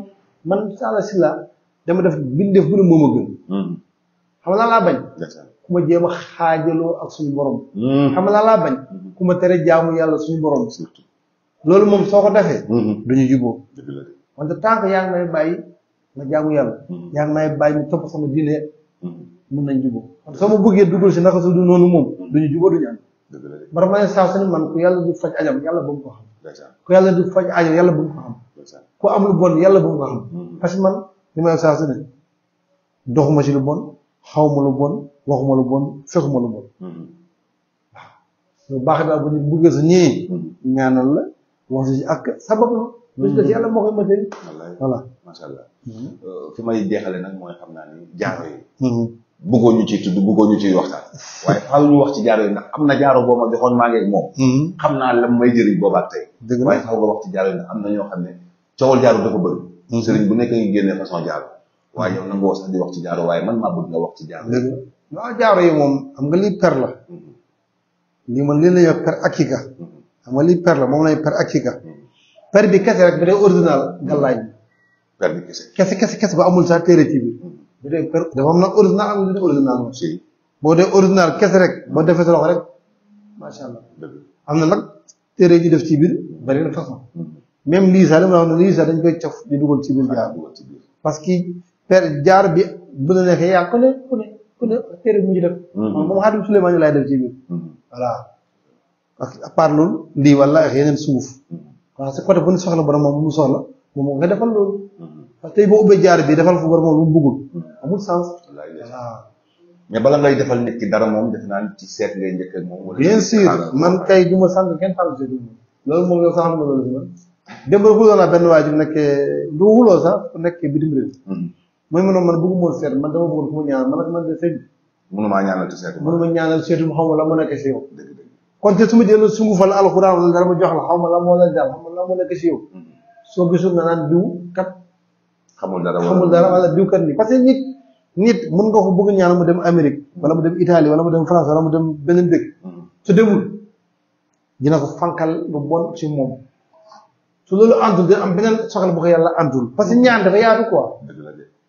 man la si la dama def biñ def bu ne moom xam nga laa bañ. ku ma jéem a xaajaloo ak suñu borom. Mm-hmm. xam nga laa bañ. Mm-hmm. ku ma tere jaamu yàlla suñu borom. loolu moom soo ko defee. Mm-hmm. duñu juboo. wante tant que yaa ngi may bàyyi ma jaamu yàlla. yaa ngi may mu topp sama diine. mën nañ juboo wante soo ma bëggee dugal si naka su noonu moom duñu juboo duñu am. bara ma ne man ku yàlla du faj ajam yàlla ba mu ko xam. ku faj yàlla ba mu ko xam. ku am lu bon yàlla ba ko xam. parce man li may saa su doxuma si lu bon. xaw xawma lu bon waxuma lu bon fexuma lu bon mm-hmm. waaw lu baax daal bu ni bëgg sa nii mm-hmm. ñaanal la wax si ak sabab la mm-hmm. yàlla moo koy mëtee voilà macha allah euh, fi may jeexale nag mooy xam naa ñu ciy tudd bëggoo ñu ciy waxtaan waaye wax ci jaaro na jaaro boo ma joxoon maa ngi ak xam naa lam may jëriñ boobaat tey waaye faaw nga wax ci jaaro yi ndax am na ñoo xam ne coowal jaaro dafa bëri sëriñ bu nekk ngi génnee façon jaaro waa yow nangoo sax di wax jaaro man maa bëgg nga wax ci jaaro. dëgg la waaw jaaro yi moom xam nga lii per lii man lii la per akika. xam nga lii per moom la ñuy per per bi kese rek bu dee original gàllaay bi. per bi kese kese kese ba amul sax téere ci bi. bu dee per dafa am nag original am na lu original moom. si boo dee original kese rek boo defee sa loxo rek macha allah. am na nag téere yi def ci biir bari na façon. même lii sax li ma la wax ne lii sax dañ koy cof di dugal ci biir jaar parce que. per jaar bi bu la neexee yaa ku ne ku ne ku ne téere mu ñu def mm-hmm. moom xaatim Souleymane laay def ci biir mm-hmm. voilà à part loolu lii wala ak yeneen suuf waaw mm-hmm. côté bu ñu soxla mu soxla moom moo nga defal loolu tey boo ubbee jaar bi defal fu borom moom lu amul sens voilà mais bala ngay defal nit ki dara moom defe naa seet ngay njëkk man kay du ma sànq kenn tànn si dugub loolu moom yow sax xam nga loolu si waa ji nekk du sax nekk bitim réew mooy ma man bëggu ma seet man dama bëggoon fu mu ñaanal man ma la ma nekk si su ma jëloon sungufal alxuraan wala jox la xaw ma moo la jàll xaw ma la moo nekk si yow. Mm-hmm. soo na dara wala parce que nit. nit mën nga ko bëgg ñaanal mu dem Amérique. wala mu dem Italie wala mu dem France wala mu dem beneen dëkk. Mm-hmm. su demul dina ko fankal lu bon ci moom. su loolu antul dina am beneen soxla bu ko yàlla antul parce que dafa yaatu quoi.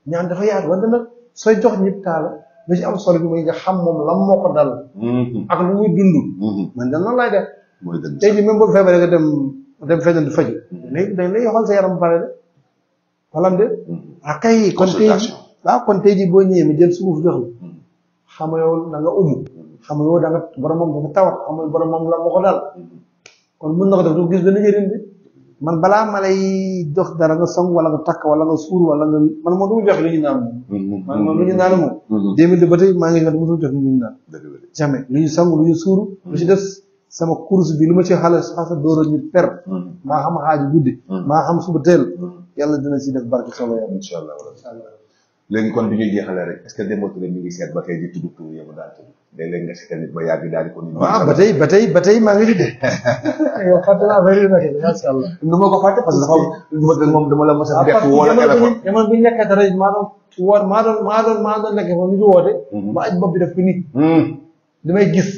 ñaan dafa yaatu wante nag sooy jox nit taala lu ci am solo bi mooy nga xam moom lan moo ko dal. Mm-hmm. ak lu muy dund. Mm-hmm. man de noonu laay def. mooy dëgg tey jii même boo feebaree nga dem dem feneen di faju. Mm-hmm. sa yaram ba de. wala de. ah kay kon tey jii kon tey jii boo ñëwee mu jël suuf jox la. xam nga yow da nga umu. xam nga yow da nga boromam dafa tawat xam nga boromam la moo dal. kon mun na ko def gis benn njëriñ bi. man balaa ma lay jox dara nga song wala nga takk wala nga suur wala nga man moom du ma jox lu ñu naan moom. Mm-hmm. man moom lu ñu naan moom. Mm-hmm. maa ngi leen di mën jox lu ñu naan. jamais lu ñu song lu ñu suur. lu ci des sama course bi lu ma ci xale xasa door a ñu per. Mm-hmm. maa xam xaaju guddi. maa xam suba teel. yàlla dina si def barke solo yàlla. incha allah léegi kon bi ñuy jeexalee rek est ce que Demba Touré di tudd tur yow daal tudd. léeg-léeg nga si tamit ba yàgg daal di ko. waaw ba tey ba tey ba ngi ci dégg. yow fàtte naa affaire yu nekk allah. nu parce que dafa moom dama la woo la téléphone ah parce bi ñu nekkee dara maa doon woor doon maa doon maa doon nekk moom ñu ngi ma mhm. aj bopp bi def ko nit. Hmm. li may gis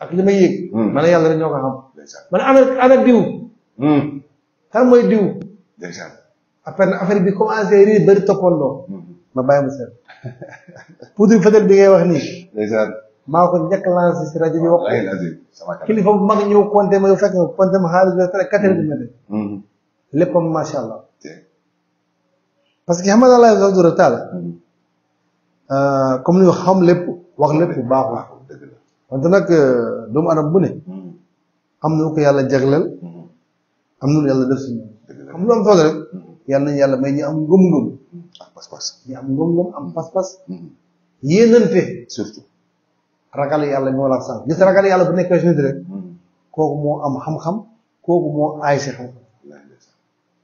ak li hmm. ma yëg. man yàlla rek ñoo ko xam. man ana ana diw. Hmm. affaire bi commencé rii bëri toppandoo. ma bàyyi mu seet. fëtël bi ngay wax nii. maa ko njëkk a lancé si rajo wax kilifa bu mag ñëw compté ma fekk nga compté ma xaalis bi fekk quatre heures du matin mm-hmm. léppam macha allah parce que xamal laa lay dora taala comme ni xam lépp wax lépp baaxul wante nag euh, doomu adam bu ne mm-hmm. am na ko yàlla jagleel mm-hmm. am na yàlla def si ñoom xam lu am solo rek yàlla nañu yàlla may ñu am ngëm-ngëm am am ngëm-ngëm am pas-pas yéenante surtout ragal yàlla moo la sànq gis ragal yàlla bu nekkee si nit rek hmm. kooku moo am xam-xam kooku moo aay si xam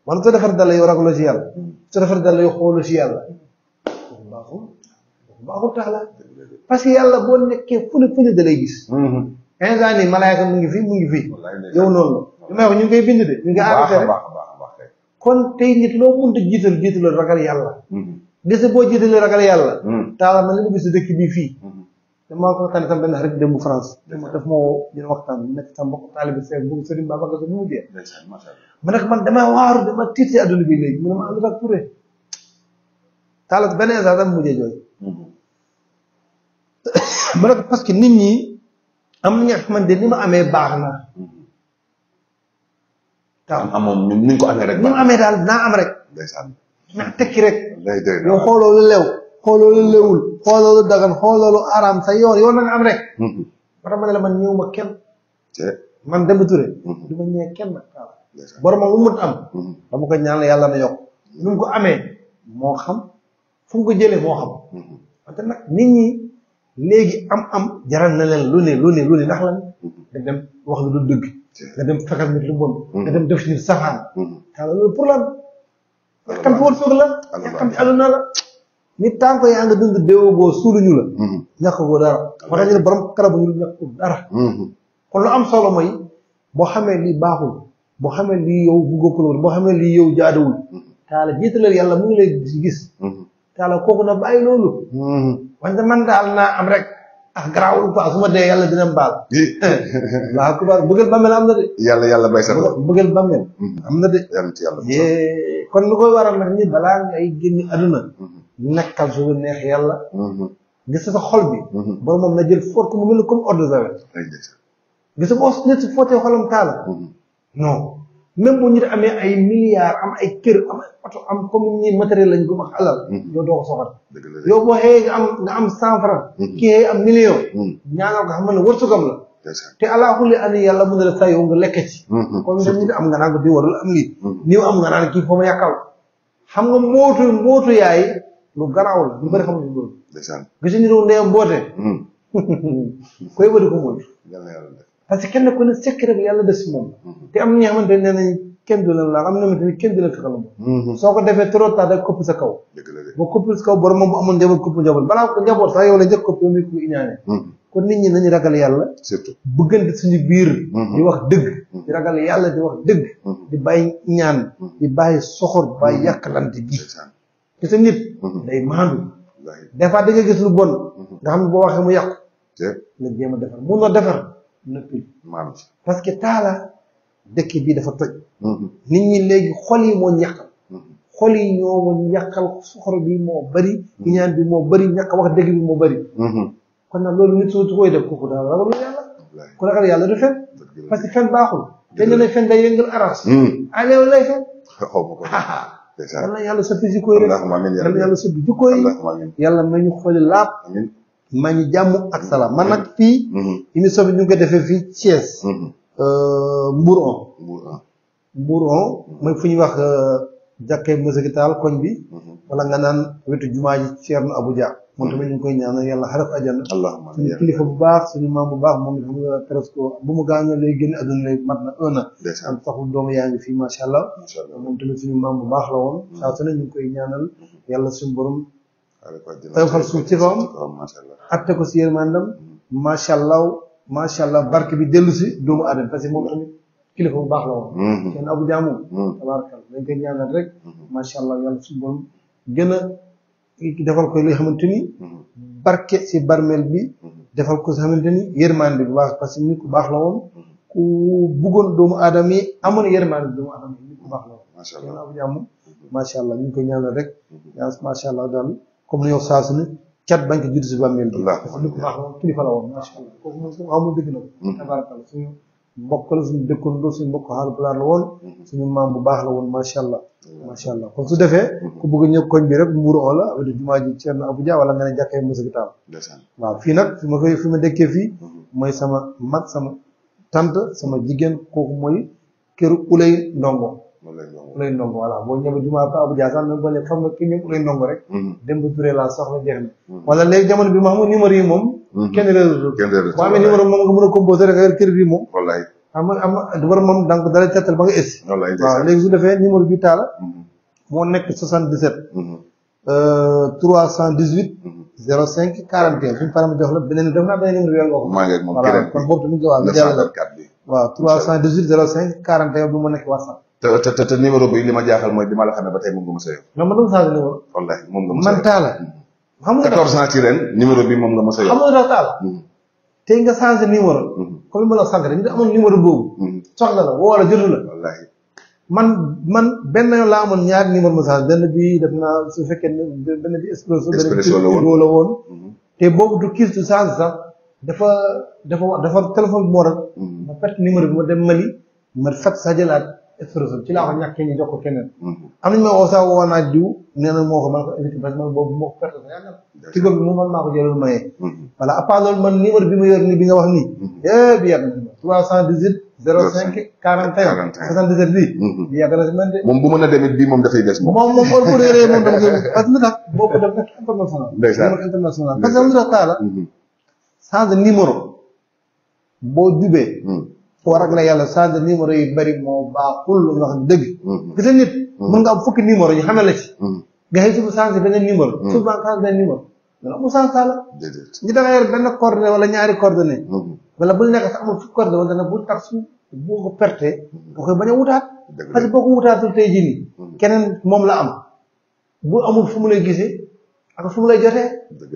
wala soo defar dala yow ragaloo si yàlla soo defar dala yow xooloo si yàlla kooku baaxul kooku baaxul tax la parce que yàlla boo nekkee fu ne fu ne dalay gis hmm. instant nii malaayka mu ngi fi mu ngi fi yow noonu la li may wax ñu ngi koy bind de ñu ngi arrêté kon tey nit loo mënta jiital jiitaloo ragal yàlla hmm. gis boo jiitalee ragal yàlla taala man li nga gis dëkk bii fii damaa waxtaan sama benn xarit dem bu France. daf ma woo ñu waxtaan nekk sama mbokk taalibe Seex bu Sëriñ Babacar Sy mu dee. ma ne ko man damaa waaru dama tiit si àdduna bi léegi mu ma ànd ak Touré. taalat benn instant dama mujjee jooy. Mm-hmm. ma ne ko parce que nit ñi am na ñoo xamante ni ma amee baax na. Mm-hmm. waaw amoon ñu ko amee rek. ni amee daal naa am rek. ndax tekki rek. yow xooloo lew. xooloo la léwul xooloo la dagan xooloo la araam sa yoon yoon am rek. Mm-hmm. ba tax ma ne la man ñëw ma kenn. man Demba Touré. Mm-hmm. du ma ñëwee kenn. boromam lu mut am. Mm-hmm. dama ko ñaan yàlla na yokk. nu ko amee moo xam fu mu jële jëlee moo xam. wante nag nit ñi léegi am-am jaral na lu ne lu ne lu ne ndax nga dem wax lu du dëgg. dem fekkal nit lu bon. nga dem def ci safaan. xaaral loolu pour lan. kan foofu la. yàqam ci àdduna la. nit tànk yaa nga dund déewagoo suuluñu la. Mm-hmm. ñàkk ko dara. Mm-hmm. moo tax ñu ne borom karabu ñu ñàkk ko dara. Mm-hmm. am solo mooy boo xamee lii baaxul boo xamee lii yow bëggoo ko loolu boo xamee lii yow jaaduwul. taala jiitalal yàlla mu ngi lay gis. taala kooku na bàyyi loolu. wante man daal naa am rek. ah garaawul quoi su ma dee yàlla dina mbaal. waaw eh. kubar bëggal bàmmeel am na de. yàlla yàlla bay sa bëggal bàmmeel am na de. yàlla ci yàlla eh, kon lu koy waral nag ni balaa ngay génn àdduna. nekkal su lu neex yàlla. Mm-hmm. gis sa xol bi. Mm-hmm. borom moom na jël foot ko mu mel comme eau de javel. gis nga nit su taala. Mm-hmm. non même bu amee ay milliards am ay kër am ay oto am comme ñi matériel lañ ko wax alal. yow doo ko soxal. boo xëyee nga am nga kii xëyee am million. ñaanal ko xam ne wërsëgam la. te alaa an yàlla mu ne la saa yow nga lekk ci. kon ñun ñu am nga naan ko di warul am lii. nii am nga naan kii foo ma yàqal. nga lu garaaw la ñu bëri xamuñu loolu. ndeysaan gisuñu lu ndeyam boote. Hmm. koy wëri ko mooy. parce que kenn ku ne secret bi yàlla des moom. Hmm. te am na ñoo xamante ne nañ kenn du la laal am na ñoo xamante ne kenn la taxal moom. soo ko defee trop tard rek kopp sa kaw. dëgg la boo koppul sa kaw borom moom bu amoon njaboot kopp njaboot balaa ko njaboot sax yow la njëkk kopp yow mii ko iñaane. Hmm. kon nit ñi nañu ragal yàlla. surtout suñu biir. di wax dëgg. di yàlla di wax dëgg. di bàyyi ñaan. di bàyyi soxor bàyyi di gi. gis nit. Mhm. day maandu. des fois da nga gis lu bon. nga xam ne boo waxee mu yàqu. na jéem a defar mun na defar nëppil. maandu parce taala dëkk bi dafa toj. Mhm. nit ñi léegi xol yi moo yàqal. Mhm. xol yi ñoo moo yàqal soxor bi moo bëri. ñaan bi moo bëri ñàkk wax dëgg bi moo bëri. kon nag loolu nit soo koy def kooku daal ragalul yàlla. ku ragal yàlla du fen. parce que fen baaxul. dañ ne fen day yëngal arras. alléewul lay fen. yal na yàlla soppi jikko yi rek yal na yàlla soppi jikko yi yàlla ma ñu xooli laab ma ñu jàmm ak salaam man nag fii mhm. émission bi ñu ngi defee fii Thiès mhm. euh, Mbour on Mbour on mooy fu ñuy wax euh, jàkkee Moussa Tall koñ bi mhm. wala nga naan wetu jumaa ji Thierno Abuja moom tamit ñu ngi koy ñaanal yàlla xaraf àjjana. allahumma suñu kilifa bu baax suñu maam bu baax moom itam presque bu mu gaañoo lay génn àdduna lay mat na un saxul doomu yaa ngi fi macha allah. macha allah moom tamit suñu maam bu baax la woon. Mm-hmm. saa koy ñaanal yàlla suñu borom. tawfal suuf ci kawam. ko si yërmandam. Mm-hmm. macha allah macha allah barke bi dellu si doomu aadama parce que moom tamit kilifa bu baax la woon. Mm-hmm. kenn abu jaamu. tabaarkalla dañ koy ñaanal rek. macha allah yàlla suñu borom gën defal ko li nga xamante ni mhm. barke si barmel bi mhm. defal ko si xamante ni yërmande bu baax parce que ni ku baax la woon mhm. ku bëggoon doomu aadama yi amoon yërmande doomu aadama yi nit ku baax la woon. macha allah am jàmm macha allah ñu koy ñaanal rek macha allah daal comme yow saa su cat bañ ko judd si bàmmeel bi. nit ku baax la woon kilifa la woon macha allah kooku moom amul dëgg la. tabaaraka suñu. mbokk la suñu dëkkandoo suñu mbokk Haalpulaar la woon mm-hmm. suñu maam bu baax la woon macha allah macha allah kon su defee mm-hmm. ku bëgg ñëw koñ bi rek mbuuru oo la wala jumaa ji Ceerno Abuja wala nga ne jàkkee Moussa Guitare waaw fii nag fi ma koy fi ma dëkkee fii mm-hmm. mooy sama mag sama tant sama jigéen kooku mooy kër Ulay Ndongo lay ndongo voilà boo léegi xam nga ki ñëpp mm-hmm. lay mm-hmm. jamono bi ma xamul numéro yi moom mm-hmm. kenn réerul boo amee numéro a ba nga ëssi waaw léegi defee numéro bi taala moo nekk 77 318 05 41 suñu paree ma jox la beneen def naa beneen numéro yoo nga ko voilà kon boobu tamit waaw jàll bi mu nekk WhatsApp te te te numéro bi li ma jaaxal mooy bi ma la xamee ba tey moom nga ma sa man dama changé numéro. nga ma sa yor man taala. xam nga 14 numéro bi moom nga ma sa yor. xam nga daal taala. Mm-hmm. tey nga changé numéro. Mm-hmm. comme ma la sànq rek amoon numéro boobu. Mm-hmm. soxla la woo la jotu la. wallaahi man man benn laa amoon ñaari numéro message benn bi def naa su fekkee benn bi expresso. expresso la woon benn bi la woon. te boobu du kiis du changé sax dafa dafa dafa téléphone bi moo rek. ma perte numéro bi ma dem Mali ma fat sa jëlaat. expression ci laa ko ñàkkee ñu keneen. Mhm. am nañ ma woo sax woo naa jiw nee na moo ko mën ko invité parce man boobu moo ko perte sa yàgg na. ci góob bi man maa ko jëloon maye. Mhm. voilà à ma yor nii bi nga wax nii. Mhm. yëpp yàgg na trois cent dix huit. zéro cinq quarante et un soixante dix sept bii. yàgg na si man de. moom bu mën a demit bii moom dafay des. moom moom moom bu moom dama koy parce que lu tax boo ko def international. ndeysaan international parce que lu tax taala. change numéro boo foo rek la yàlla changé numéro yu bëri moo baaxul lu nga xam dëgg mm-hmm. gis nit mm-hmm. mën nga am fukki numéro ñu xamal la ci mm-hmm. gars yi suba changé beneen numéro suba changé beneen numéro loolu amul sens la ñu da nga benn coordonnée wala ñaari coordonnée wala bul nekk sax amul fukki coordonnée wala dana bul tax su boo ko perte boo koy bañ a wutaat parce boo ko wutaatul tey ji nii keneen moom la am bu amul fu mu lay gisee ak fu mu lay jotee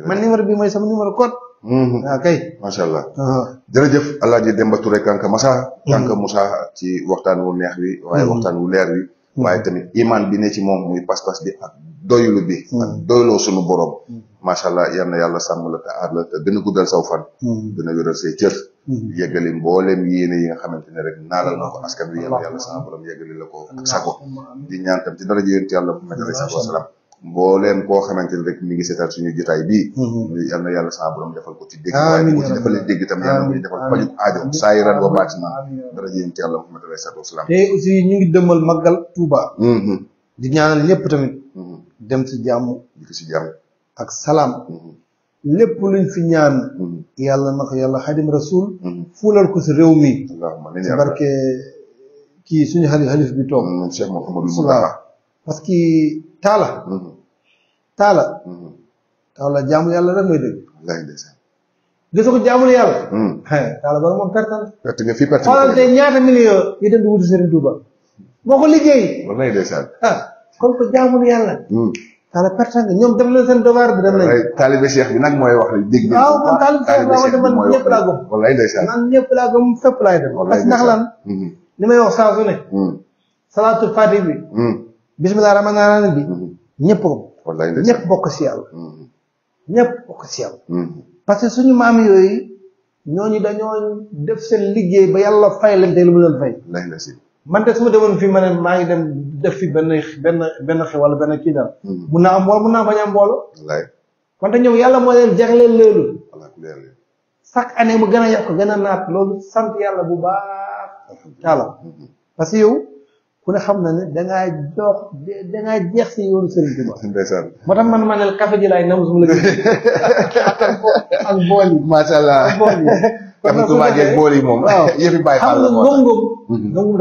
man numéro bi mooy sama numéro code Mm-hmm. ah kay macha allah. Uh-huh. jërëjëf Alaaji Demba Touré Kanka Massa. Mm-hmm. Kanka Moussa ci waxtaan wu neex wi. waaye mm-hmm. waxtaan wu leer wi. waaye tamit imaan bi ne ci moom muy pas-pas bi ak doylu bi. ak doyloo sunu borom. macha allah yal na yàlla sàmm la te aar la te dina guddal saw fan. dina wéral say cër. yeggali mbooleem yéene yi nga xamante ne rek naalal na ko askan wi yal na yàlla sama borom yeggali la ko ak sago di ñaan tam ci dara ji yonent yàlla bu mel ne salaam. mbooleem koo xamante ne rek mi ngi seetaan suñu jotaay bi mm-hmm. yal na yàlla sama borom defal ko ci dégg. amiin waaye ko ci ci defal pajuk aajo. saa yi ran wa baati na. dara jéem ci yàlla Muhammad salaam. ñu ngi dëmmal Magal Touba. Mm-hmm. di ñaanal ñëpp tamit. Mm-hmm. dem ci jàmm. ak salaam. lépp luñ fi ñaan. yàlla na yàlla xadim rasul. fuulal ko si réew mi. allahumma ci barke kii suñu xalif xalif bi toog. Cheikh taala mm-hmm. taala mm-hmm. taala jaamu yàlla rek mooy dëgg wallaahi ndeysaan gis ko jaamul yàlla mm. taala bala moom perte na per nga fi perte xoolal tey ñaata million yi dem di wuti Serigne Touba moo ko liggéey wallaahi ndeysaan ah kon ko jaamul yàlla mm. taala perte nga ñoom def leen seen devoir bi dem nañ taalibe bi nag mooy wax la dégg waaw ah, man taalibe cheikh bi man ñëpp laa gëm wallaahi ndeysaan man ñëpp laa gëm fépp laay dem parce que ndax mm-hmm. wax saa su ne mm. salaatul fati bi bisimilah rahmaani rahiim bi ñëpp ko ñëpp bokk si yàlla mm-hmm. ñëpp bokk si yàlla mm-hmm. que suñu maam yooyu ñooñu dañoo def seen liggéey ba yàlla fay leen te lu mu doon fay man de su ma demoon fii ma ne maa ngi dem def fi benn benn benn xew wala benn kii dara mm-hmm. mun naa am mbool mun naa bañ am mbool wante ñoom yàlla moo leen jagleel loolu chaque année mu gën a yokk gën a naat loolu sant yàlla bu baax yàlla parce yow ku ne xam na ne da ngaa jox da ngaa jeex si yoonu Serigne Touba. ndeysaan moo tax man ma ne café ji laay nam su la gis. bool yi. macha allah ak bool bool yi moom. waaw yëfi bàyyi xaalis la moo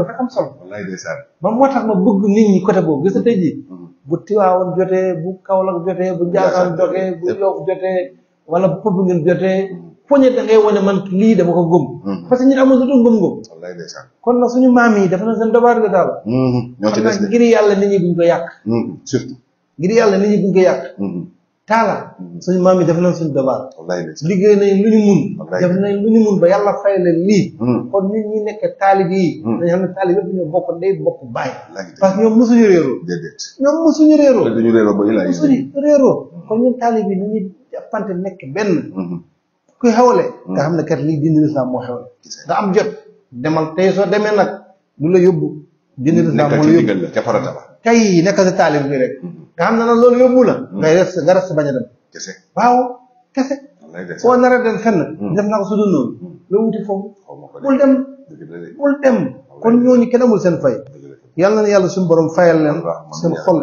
tax xam mhm. nga ngóob. dafa am solo. wallaay ndeysaan. man moo tax ma bëgg nit ñi côté boobu gis nga mhm. bu Tiwaawoon jotee bu Kaolack jotee bu Ndiassane jotee bu Yoff jotee wala bu Popenguine jotee. Mhm. poñet da ngay wane man lii dama ko gëm. Mm-hmm. parce que ñun amul lu dul gëm-gëm. wallaay ndeysaan kon nag suñu maam yi dafa na seen dobaar la daal. Mm-hmm. ñoo ci des xam naa ngir ñi buñ ko yàq. Mm-hmm. surtout ñi buñ ko yàq. taala suñu liggéey nañ lu ñu mun. wallaay def lu ñu mun ba yàlla fay leen li kon ñun ñi nekk taalib yi. dañu xam ne taalib yëpp ñoo bokk ndey bokk baay. parce que ñoom mosuñu réeroo. déedéet ñoom mosuñu réeroo. te ba ilaa yi. mosuñu réeroo kon ñun taalib yi ñu nekk benn kuy xewle mm. nga xam ne kat lii diine lislaam moo xewle da am jot demal tey soo demee nag lu la yóbbu diine lislaam moo la yóbbu te farata ba kay nekk sa taalib bi rek mm-hmm. nga xam ne nag la mm-hmm. ngay res nga res bañ a dem kese waaw kese foo nar a dem fenn mm-hmm. def na ko su dul noonu loo wuti foofu bul dem bul dem kon ñooñu kenn amul seen fay yàlla na yàlla suñu borom fayal leen seen xol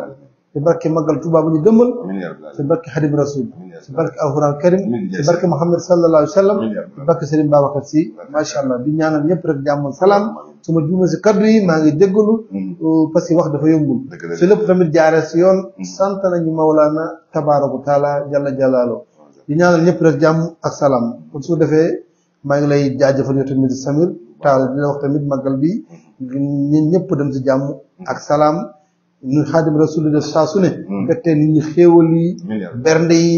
ci barke Magal Tuubaa bu ñu dëmbal ci barke Xadim Rasul ci barke alxuraan karim ci barke Muhammad sallallahu alayhi wa sallam ci macha allah di ñaanal ñëpp rek jàmm salaam suma ma si kaddu yi maa ngi déggalu hmm. parce que wax dafa yombul si lépp tamit jaare si yoon hmm. sant nañu Mawlaana tabaaraku taala jalla jalaalo di ñaanal ñëpp rek jàmm ak salaam kon su defee maa ngi lay jaajëfal yow tamit Samir taal dina wax tamit màggal bi hmm. ñun ñëpp dem si jàmm ak salaam ñun xaadim rasul def saa su ne. Hmm. fekkee nit ñi xéewal yi. bernde yi.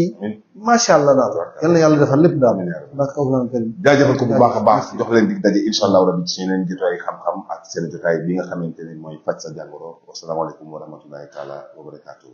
macha allah daal yal na yàlla defal lépp daal. ndax kaw naa karim. jaajëfal ko bu baax a baax jox leen dig daje incha allah rabi ci yeneen jotaay xam-xam ak seen jotaay bi nga xamante ne mooy faj sa jàngoro. wasalaamaaleykum wa rahmatulahi taala wa barakaatu.